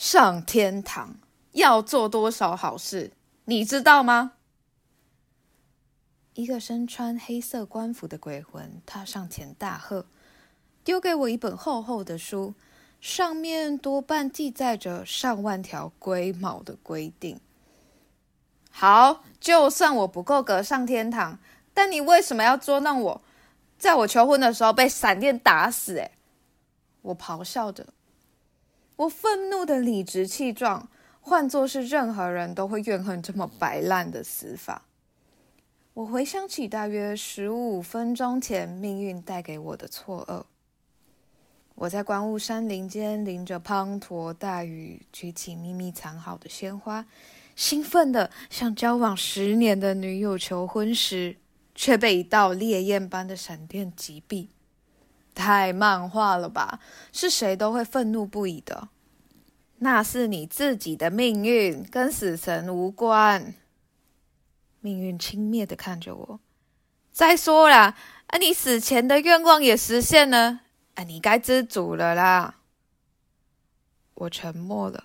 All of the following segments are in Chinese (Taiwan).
上天堂要做多少好事，你知道嗎？一個身穿黑色官服的鬼魂踏上前大喝，丟給我一本厚厚的書，上面多半記載着上萬條龜毛的規定。好，就算我不夠格上天堂，但你為什麼要捉弄我，在我求婚的時候被閃電打死、欸？誒，我咆哮着。我憤怒的理直氣壯，換作是任何人都會怨恨這麼白爛的死法。我回想起大約十五分鐘前命運帶給我的錯愕：我在觀霧山林間淋着滂沱大雨，舉起秘密藏好的鮮花，興奮的向交往十年的女友求婚時，卻被一道烈焰般的閃電擊斃。太漫畫了吧！是誰都會憤怒不已的。那是你自己的命運，跟死神無關。命運輕蔑地看着我。再說了，啊，你死前的願望也實現了，啊，你該知足了啦。我沉默了。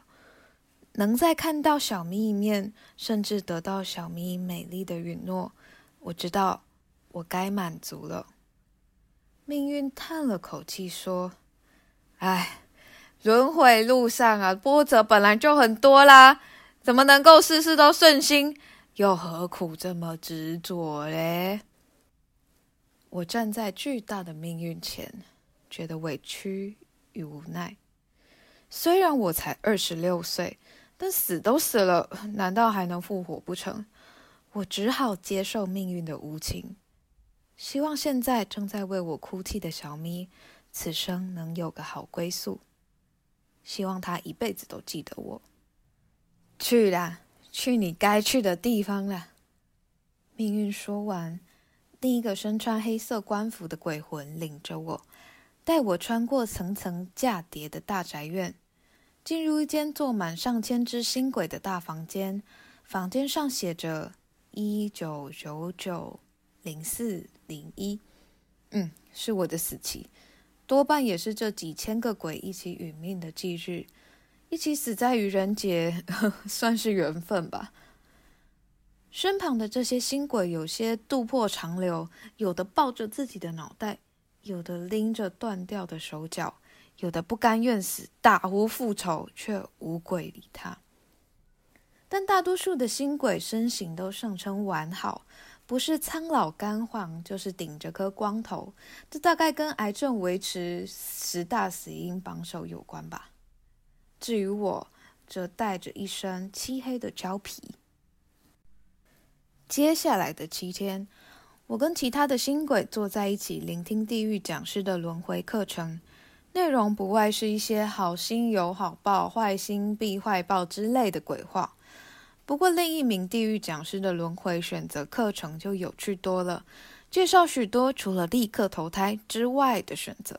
能再看到小咪一面，甚至得到小咪美麗的允諾，我知道，我該滿足了。命運嘆了口氣說：“哎，輪迴路上啊，波折本來就很多啦，怎麼能夠事事都順心？又何苦這麼執着嘞？”我站在巨大的命運前，覺得委屈與無奈。雖然我才二十六歲，但死都死了，難道還能復活不成？我只好接受命運的無情。希望現在正在為我哭泣的小咪，此生能有個好歸宿。希望他一輩子都記得我。去啦，去你該去的地方啦！命運說完，另一個身穿黑色官服的鬼魂領着我，帶我穿過層層架疊的大宅院，進入一間坐滿上千隻新鬼的大房間。房間上寫着“一九九九”。零四零一，嗯，是我的死期，多半也是這幾千個鬼一起殞命的忌日，一起死在愚人節，算是緣分吧。身旁的這些新鬼，有些肚破腸流，有的抱着自己的腦袋，有的拎着斷掉的手腳，有的不甘願死，大呼復仇，卻無鬼理他。但大多數的新鬼身形都尚稱完好。不是蒼老乾黃，就是頂着顆光頭，這大概跟癌症維持十大死因榜首有關吧。至於我，則帶着一身漆黑的膠皮。接下來的七天，我跟其他的新鬼坐在一起，聆聽地獄講師的輪回課程，內容不外是一些“好心有好報，壞心必壞報”之類的鬼話。不過，另一名地獄講師的輪回選擇課程就有趣多了，介紹許多除了立刻投胎之外的選擇。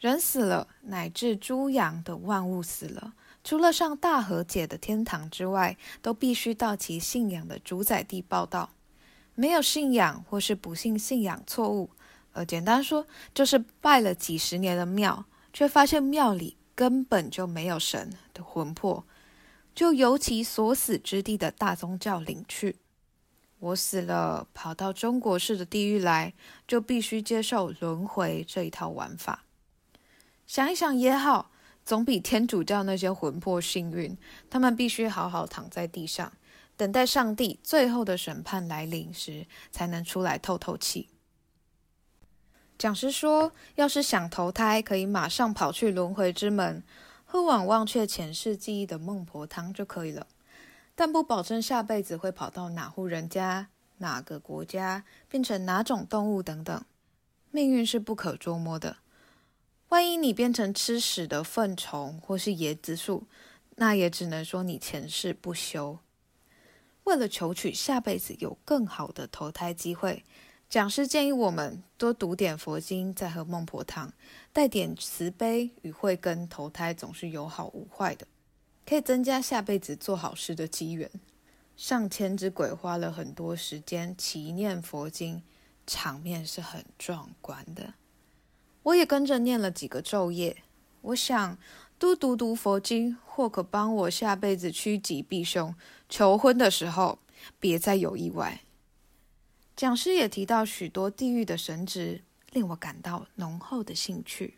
人死了，乃至豬羊的萬物死了，除了上大和解的天堂之外，都必須到其信仰的主宰地報到。沒有信仰，或是不信信仰錯誤，呃，簡單說就是拜了幾十年的廟，卻發現廟裡根本就沒有神的魂魄。就由其所死之地的大宗教領去。我死了，跑到中國式的地獄來，就必須接受輪迴這一套玩法。想一想也好，總比天主教那些魂魄幸運，他們必須好好躺在地上，等待上帝最後的審判來臨時，才能出來透透氣。講師說，要是想投胎，可以馬上跑去輪迴之門。喝碗忘卻前世記憶的孟婆湯就可以了，但不保證下輩子會跑到哪戶人家、哪個國家、變成哪種動物等等。命運是不可捉摸的，萬一你變成吃屎的糞蟲或是椰子樹，那也只能說你前世不修。為了求取下輩子有更好的投胎機會，講師建議我們多讀點佛經，再喝孟婆湯，帶點慈悲與慧根，投胎總是有好無壞的，可以增加下輩子做好事的機緣。上千只鬼花了很多時間祈念佛經，場面是很壯觀的。我也跟着念了幾個晝夜，我想多讀,讀讀佛經，或可幫我下輩子趨吉避凶。求婚的時候，別再有意外。講師也提到許多地獄的神職，令我感到濃厚的興趣。